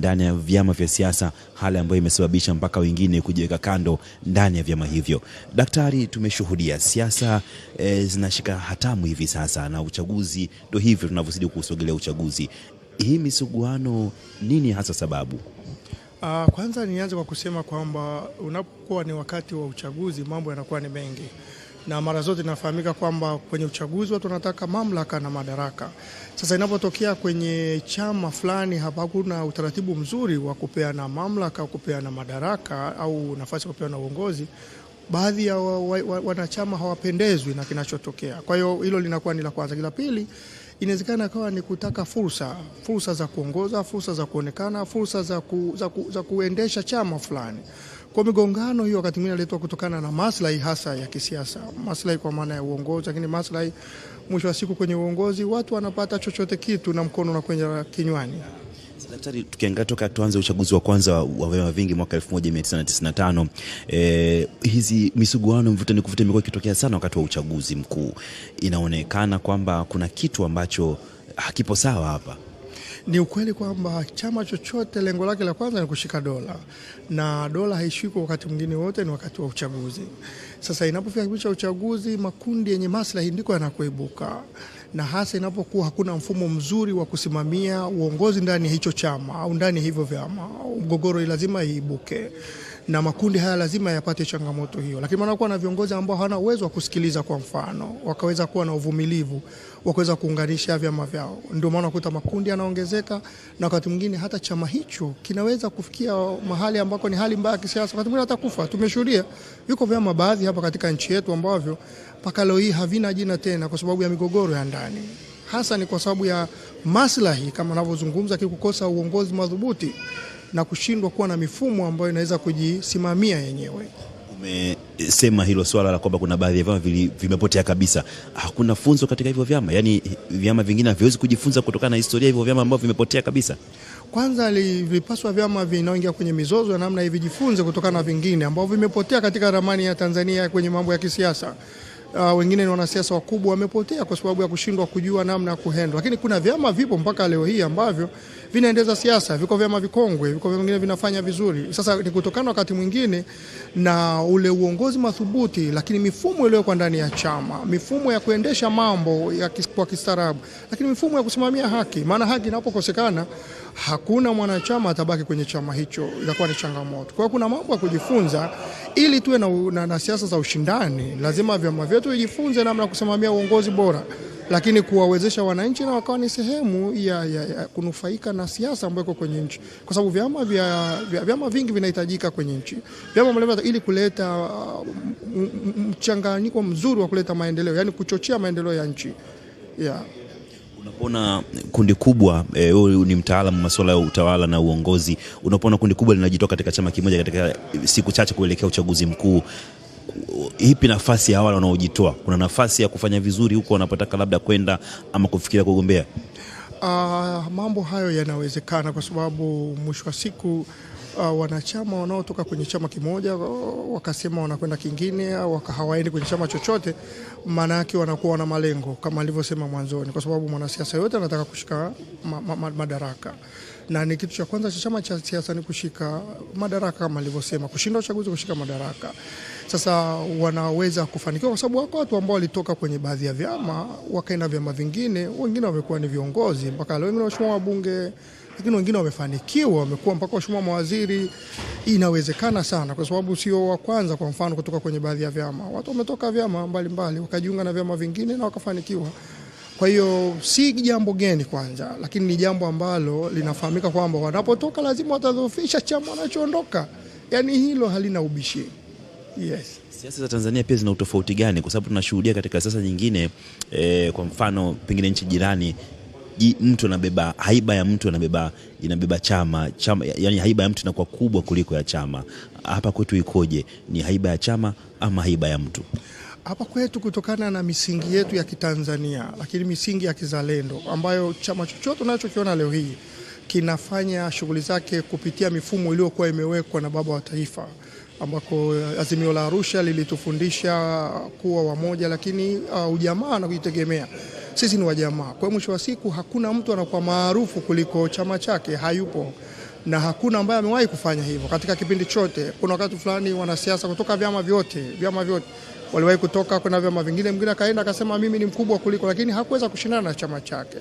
ndani ya vyama vya siasa, hali ambayo imesababisha mpaka wengine kujiweka kando ndani ya vyama hivyo. Daktari, tumeshuhudia siasa e, zinashika hatamu hivi sasa, na uchaguzi ndio hivyo tunavyozidi kusogelea uchaguzi. Hii misuguano, nini hasa sababu? Uh, kwanza nianze kwa kusema kwamba unapokuwa ni wakati wa uchaguzi mambo yanakuwa ni mengi na mara zote inafahamika kwamba kwenye uchaguzi watu wanataka mamlaka na madaraka. Sasa inapotokea kwenye chama fulani hapakuna utaratibu mzuri wa kupeana mamlaka, kupeana madaraka au nafasi ya kupeana uongozi, baadhi ya wanachama wa, wa, hawapendezwi na kinachotokea. Kwa hiyo hilo linakuwa ni la kwanza. La pili inawezekana kawa ni kutaka fursa, fursa za kuongoza, fursa za kuonekana, fursa za, ku, za, ku, za kuendesha chama fulani kwa migongano hiyo wakati mwingine inaletwa kutokana na maslahi hasa ya kisiasa, maslahi kwa maana ya uongozi, lakini maslahi mwisho wa siku kwenye uongozi watu wanapata chochote kitu na mkono na kwenye kinywani. Daktari, tukiangalia toka tuanze uchaguzi wa kwanza wa vyama vingi mwaka 1995 eh, hizi misuguano, mvuta ni kuvuta, imekuwa ikitokea sana wakati wa uchaguzi mkuu. Inaonekana kwamba kuna kitu ambacho hakipo sawa hapa. Ni ukweli kwamba chama chochote lengo lake la kwanza ni kushika dola, na dola haishikwi wakati mwingine wote, ni wakati wa uchaguzi. Sasa inapofika kipindi cha uchaguzi, makundi yenye maslahi ndiko yanakoibuka na hasa inapokuwa hakuna mfumo mzuri wa kusimamia uongozi ndani ya hicho chama au ndani ya hivyo vyama, mgogoro lazima iibuke na makundi haya lazima yapate changamoto hiyo, lakini wanakuwa na viongozi ambao hawana uwezo wa kusikiliza, kwa mfano, wakaweza kuwa na uvumilivu, kuweza kuunganisha vyama vyao. Ndio maana kuta makundi yanaongezeka, na wakati mwingine hata chama hicho kinaweza kufikia mahali ambako ni hali mbaya kisiasa, wakati mwingine hata kufa. Tumeshuhudia, yuko vyama baadhi hapa katika nchi yetu ambavyo mpaka leo hii havina jina tena kwa sababu ya migogoro ya ndani, hasa ni kwa sababu ya maslahi kama anavyozungumza, kikukosa uongozi madhubuti na kushindwa kuwa na mifumo ambayo inaweza kujisimamia yenyewe. Umesema hilo swala la kwamba kuna baadhi ya vyama vimepotea kabisa, hakuna funzo katika hivyo vyama, yaani vyama vingine haviwezi kujifunza kutokana na historia hivyo vyama ambavyo vimepotea kabisa. Kwanza vilipaswa vyama vinaoingia kwenye mizozo ya namna hivi vijifunze kutokana na vingine ambavyo vimepotea katika ramani ya Tanzania kwenye mambo ya kisiasa uh, wengine ni wanasiasa wakubwa wamepotea kwa sababu ya kushindwa kujua namna ya kuhendwa, lakini kuna vyama vipo mpaka leo hii ambavyo vinaendeza siasa, viko vyama vikongwe, viko vyama vingine vinafanya vizuri. Sasa ni kutokana wakati mwingine na ule uongozi madhubuti, lakini mifumo iliyoko ndani ya chama, mifumo ya kuendesha mambo ya kwa kistaarabu, lakini mifumo ya kusimamia haki. Maana haki inapokosekana, hakuna mwanachama atabaki kwenye chama hicho, itakuwa ni changamoto. Kwa hiyo kuna mambo ya kujifunza ili tuwe na, na, na siasa za ushindani. Lazima vyama vyetu vijifunze namna ya kusimamia uongozi bora lakini kuwawezesha wananchi na wakawa ni sehemu ya, ya, ya kunufaika na siasa ambayo iko kwenye nchi, kwa sababu vyama, vya, vya, vyama vingi vinahitajika kwenye nchi vyama mbalimbali, ili kuleta uh, mchanganyiko mzuri wa kuleta maendeleo, yani kuchochea maendeleo ya nchi yeah. Unapona kundi kubwa eh, wewe, eh, ni mtaalamu masuala ya utawala na uongozi, unapona kundi kubwa linajitoa katika chama kimoja katika siku chache kuelekea uchaguzi mkuu ipi nafasi ya wale wanaojitoa? Kuna nafasi ya kufanya vizuri huko wanapotaka labda kwenda ama kufikiria kugombea? Uh, mambo hayo yanawezekana kwa sababu mwisho wa siku Uh, wanachama wanaotoka kwenye chama kimoja oh, wakasema wanakwenda kingine au hawaendi kwenye chama chochote, maana yake wanakuwa na malengo kama alivyosema mwanzoni, kwa sababu mwanasiasa yote anataka kushika ma ma madaraka na ni kitu cha kwanza cha chama cha siasa ni kushika madaraka, kama alivyosema, kushinda uchaguzi, kushika madaraka. Sasa wanaweza kufanikiwa, kwa sababu wako watu ambao walitoka kwenye baadhi ya vyama wakaenda vyama vingine, wengine wamekuwa ni viongozi mpaka leo, wengine waheshimiwa wabunge lakini wengine wamefanikiwa, wamekuwa mpaka washumua mawaziri. Inawezekana sana, kwa sababu sio wa kwanza. Kwa mfano, kutoka kwenye baadhi ya vyama, watu wametoka vyama mbalimbali wakajiunga na vyama vingine na wakafanikiwa. Kwa hiyo si jambo geni kwanza, lakini ni jambo ambalo linafahamika kwamba wanapotoka lazima watadhoofisha chama wanachoondoka, yaani hilo halina ubishi. Yes. Siasa za Tanzania pia zina utofauti gani? Kwa sababu tunashuhudia katika siasa nyingine e, kwa mfano pengine nchi jirani mtu anabeba haiba ya mtu anabeba inabeba chama, chama yani haiba ya mtu inakuwa kubwa kuliko ya chama. Hapa kwetu ikoje? Ni haiba ya chama ama haiba ya mtu? hapa kwetu kutokana na misingi yetu ya Kitanzania, lakini misingi ya kizalendo ambayo chama chochote unachokiona leo hii kinafanya shughuli zake kupitia mifumo iliyokuwa imewekwa na baba wa taifa, ambako eh, Azimio la Arusha lilitufundisha kuwa wamoja, lakini uh, ujamaa na kujitegemea. Sisi ni wajamaa, kwa mwisho wa siku hakuna mtu anakuwa maarufu kuliko chama chake, hayupo na hakuna ambaye amewahi kufanya hivyo katika kipindi chote. Kuna wakati fulani wanasiasa kutoka vyama vyote vyama vyote waliwahi kutoka kuna vyama vingine, mwingine akaenda akasema mimi ni mkubwa kuliko, lakini hakuweza kushindana na chama chake.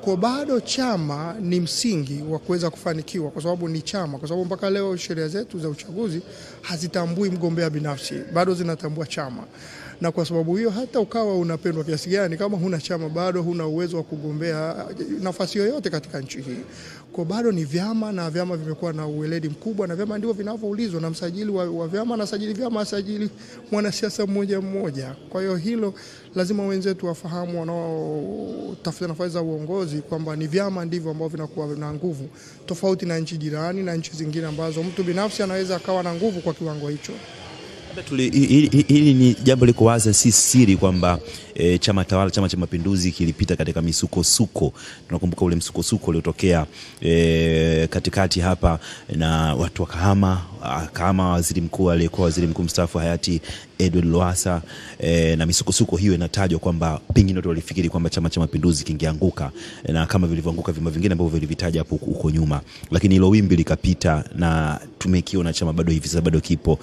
Kwa bado chama ni msingi wa kuweza kufanikiwa, kwa sababu ni chama, kwa sababu mpaka leo sheria zetu za uchaguzi hazitambui mgombea binafsi, bado zinatambua chama na kwa sababu hiyo hata ukawa unapendwa kiasi gani, kama huna chama bado huna uwezo wa kugombea ah, nafasi yoyote katika nchi hii. Kwa bado ni vyama na vyama vimekuwa na uweledi mkubwa, na vyama ndivyo vinavyoulizwa na msajili wa, wa vyama na sajili vyama asajili mwanasiasa mmoja mmoja. Kwa hiyo hilo lazima wenzetu wafahamu, wanaotafuta nafasi za uongozi kwamba ni vyama ndivyo ambavyo vinakuwa na nguvu, tofauti na nchi jirani na nchi zingine ambazo mtu binafsi anaweza akawa na nguvu kwa kiwango hicho. Hili ni jambo liko wazi, si siri kwamba e, chama tawala Chama cha Mapinduzi kilipita katika misukosuko. Tunakumbuka ule msukosuko uliotokea e, katikati hapa na watu wakahama ah, kama waziri mkuu aliyekuwa waziri mkuu mstaafu hayati Edwin Lowassa e, na misukosuko hiyo inatajwa kwamba pengine watu walifikiri kwamba Chama cha Mapinduzi kingeanguka e, na kama vilivyoanguka vyama vingine ambavyo vilivitaja hapo huko nyuma, lakini hilo wimbi likapita na tumekiona chama bado hivi sasa bado kipo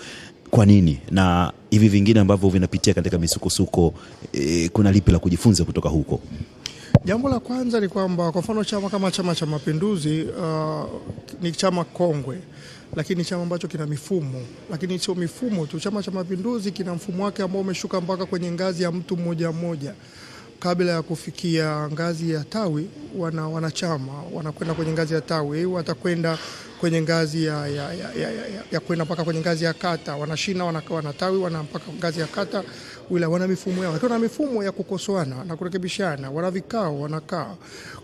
kwa nini na hivi vingine ambavyo vinapitia katika misukosuko e, kuna lipi la kujifunza kutoka huko? Jambo la kwanza ni kwamba kwa mfano chama kama Chama cha Mapinduzi uh, ni chama kongwe, lakini chama ambacho kina mifumo, lakini sio mifumo tu. Chama cha Mapinduzi kina mfumo wake ambao umeshuka mpaka kwenye ngazi ya mtu mmoja mmoja kabla ya kufikia ngazi ya tawi wana, wanachama wanakwenda kwenye ngazi ya tawi, watakwenda kwenye ngazi ya, ya, ya, ya, ya, ya kwenda mpaka kwenye ngazi ya kata, wanashina wanakaa tawi wana mpaka ngazi ya kata wila, wana mifumo yao, lakini na mifumo ya kukosoana na kurekebishana, wana vikao wanakaa.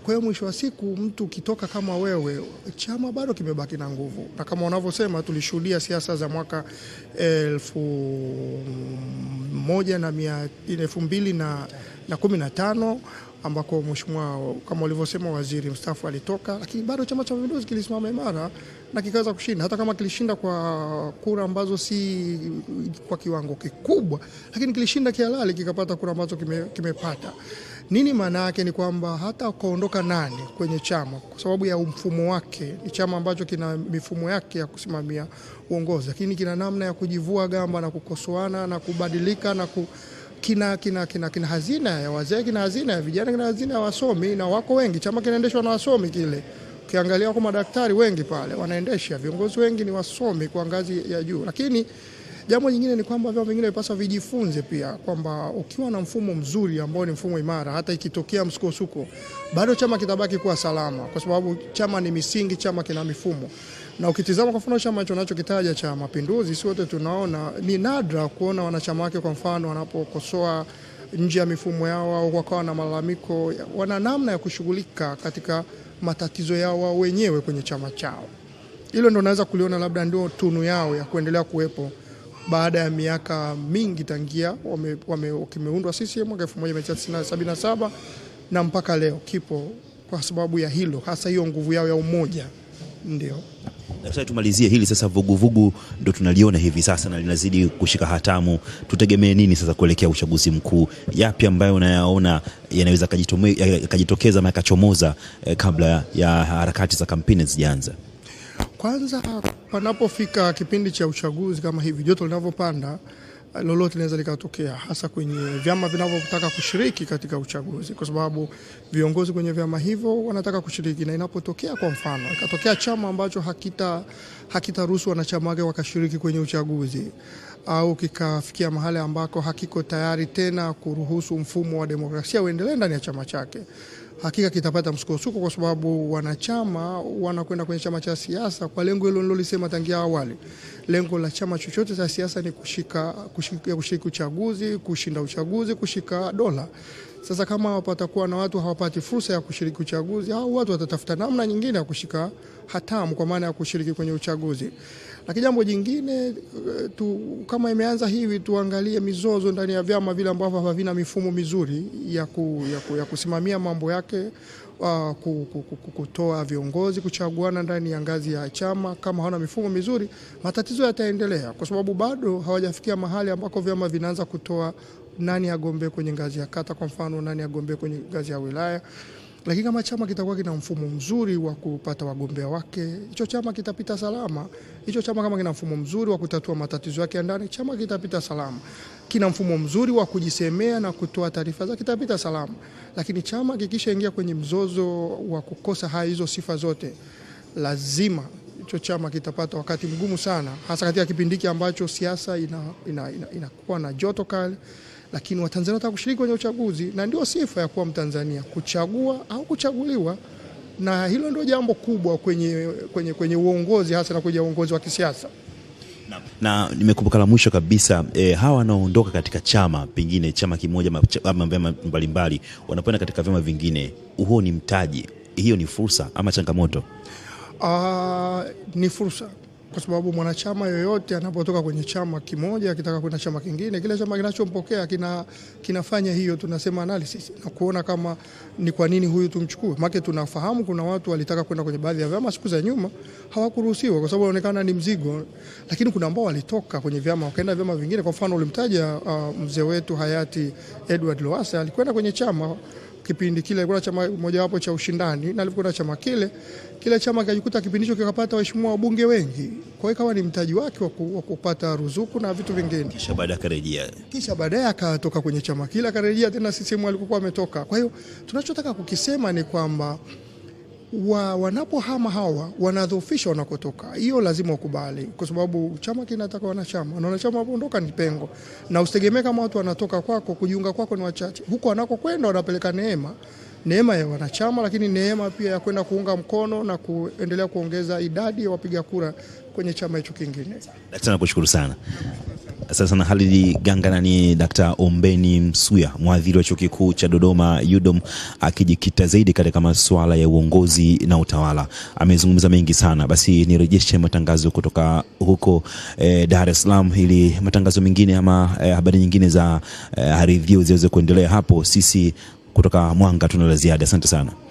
Kwa hiyo mwisho wa siku mtu ukitoka kama wewe, chama bado kimebaki na nguvu, na kama wanavyosema tulishuhudia siasa za mwaka elfu moja na mia elfu mbili na na kumi na tano ambako mheshimiwa kama ulivyosema waziri mstaafu alitoka, lakini bado Chama cha Mapinduzi kilisimama imara na kikaweza kushinda, hata kama kilishinda kwa kura ambazo si kwa kiwango kikubwa, lakini kilishinda kihalali, kikapata kura ambazo kime, kimepata nini maana yake ni kwamba hata ukaondoka nani kwenye chama kwa sababu ya mfumo wake, ni chama ambacho kina mifumo yake ya kusimamia uongozi, lakini kina namna ya kujivua gamba na kukosoana na kubadilika na ku kina, kina, kina, kina hazina ya wazee, kina hazina ya vijana, kina hazina ya wasomi, na wako wengi. Chama kinaendeshwa na wasomi kile. Ukiangalia wako madaktari wengi pale wanaendesha, viongozi wengi ni wasomi kwa ngazi ya juu. Lakini jambo nyingine ni kwamba vyama vingine vipaswa vijifunze pia kwamba ukiwa na mfumo mzuri ambao ni mfumo imara, hata ikitokea msukosuko, bado chama kitabaki kuwa salama, kwa sababu chama ni misingi, chama kina mifumo na ukitizama kwa mfano chama tunachokitaja cha Mapinduzi, si wote tunaona, ni nadra kuona wanachama wake kwa mfano wanapokosoa nje ya mifumo yao au wakawa na malalamiko, wana namna ya kushughulika katika matatizo yao wao wenyewe kwenye chama chao. Hilo ndo naweza kuliona labda ndio tunu yao ya kuendelea kuwepo baada ya miaka mingi tangia kimeundwa CCM mwaka 1977 na mpaka leo kipo, kwa sababu ya hilo hasa hiyo nguvu yao ya umoja. Ndio. Daktari, tumalizie hili sasa. Vuguvugu ndo tunaliona hivi sasa na linazidi kushika hatamu. Tutegemee nini sasa kuelekea uchaguzi mkuu? Yapi ambayo unayaona yanaweza yakajitokeza ama yakachomoza eh, kabla ya harakati za kampeni zijaanza? Kwanza panapofika kipindi cha uchaguzi kama hivi, joto linavyopanda lolote linaweza likatokea, hasa kwenye vyama vinavyotaka kushiriki katika uchaguzi, kwa sababu viongozi kwenye vyama hivyo wanataka kushiriki, na inapotokea kwa mfano ikatokea chama ambacho hakita hakitaruhusu wanachama wake wakashiriki kwenye uchaguzi au kikafikia mahali ambako hakiko tayari tena kuruhusu mfumo wa demokrasia uendelee ndani ya chama chake, hakika kitapata msukosuko, kwa sababu wanachama wanakwenda kwenye chama cha siasa kwa lengo hilo nilolisema tangia awali lengo la chama chochote cha siasa ni kushika, kushika, kushika uchaguzi, kushinda uchaguzi, kushika dola. Sasa kama patakuwa na watu hawapati fursa ya kushiriki uchaguzi, hao watu watatafuta namna nyingine ya kushika hatamu, kwa maana ya kushiriki kwenye uchaguzi. Lakini jambo jingine eh, tu, kama imeanza hivi, tuangalie mizozo ndani ya vyama vile ambavyo havina mifumo mizuri ya, ku, ya, ku, ya kusimamia mambo yake Uh, kutoa viongozi kuchaguana ndani ya ngazi ya chama. Kama hawana mifumo mizuri, matatizo yataendelea, kwa sababu bado hawajafikia mahali ambako vyama vinaanza kutoa nani agombee kwenye ngazi ya kata, kwa mfano nani agombee kwenye ngazi ya wilaya. Lakini kama chama kitakuwa kina mfumo mzuri wa kupata wagombea wake, hicho chama kitapita salama. Hicho chama kama kina mfumo mzuri wa kutatua matatizo yake ya ndani, chama kitapita salama. Kina mfumo mzuri wa kujisemea na kutoa taarifa zake, kitapita salama. Lakini chama kikishaingia kwenye mzozo wa kukosa haya hizo sifa zote, lazima hicho chama kitapata wakati mgumu sana, hasa katika kipindi hiki ambacho siasa inakuwa ina, ina, ina na joto kali lakini Watanzania wanataka kushiriki kwenye uchaguzi, na ndio sifa ya kuwa Mtanzania, kuchagua au kuchaguliwa, na hilo ndio jambo kubwa kwenye, kwenye, kwenye uongozi hasa na kwenye uongozi wa kisiasa na, na nimekumbuka la mwisho kabisa e, hawa wanaoondoka katika chama pengine chama kimoja ama vyama mbalimbali wanapoenda katika vyama vingine, huo ni mtaji, hiyo ni fursa ama changamoto? Uh, ni fursa kwa sababu mwanachama yoyote anapotoka kwenye chama kimoja akitaka kwenda chama kingine, kile chama kinachompokea kina, kinafanya hiyo tunasema analysis na kuona kama ni kwa nini huyu tumchukue. Maana tunafahamu kuna watu walitaka kwenda kwenye baadhi ya vyama siku za nyuma, hawakuruhusiwa kwa sababu inaonekana ni mzigo, lakini kuna ambao walitoka kwenye vyama wakaenda vyama vingine. Kwa mfano ulimtaja uh, mzee wetu hayati Edward Lowassa alikwenda kwenye chama kipindi kile alikuwa chama mojawapo cha ushindani na alikuwa na chama kile kile, chama kikajikuta kipindi hicho kikapata waheshimiwa wabunge wengi, kwa hiyo ikawa ni mtaji wake wa kupata ruzuku na vitu vingine, kisha baadaye akarejea, kisha baadaye akatoka kwenye chama kile akarejea tena CCM alikokuwa ametoka. Kwa hiyo tunachotaka kukisema ni kwamba wa, wanapohama hawa wanadhoofisha wanakotoka. Hiyo lazima ukubali, kwa sababu chama kinataka wanachama na wanachama wapoondoka ni pengo, na usitegemee kama watu wanatoka kwako kujiunga kwako ni wachache. Huko wanakokwenda wanapeleka neema, neema ya wanachama, lakini neema pia ya kwenda kuunga mkono na kuendelea kuongeza idadi ya wapiga kura kwenye chama hicho kingine. Daktari, nakushukuru sana. Asante sana Khalid Gangana. Ni Daktari Ombeni Msuya, mwadhiri wa chuo kikuu cha Dodoma UDOM, akijikita zaidi katika masuala ya uongozi na utawala. Amezungumza mengi sana, basi nirejeshe matangazo kutoka huko eh, Dar es Salaam ili matangazo mengine ama eh, habari nyingine za eh, haridhio ziweze kuendelea hapo. Sisi kutoka Mwanga tuna la ziada. Asante sana.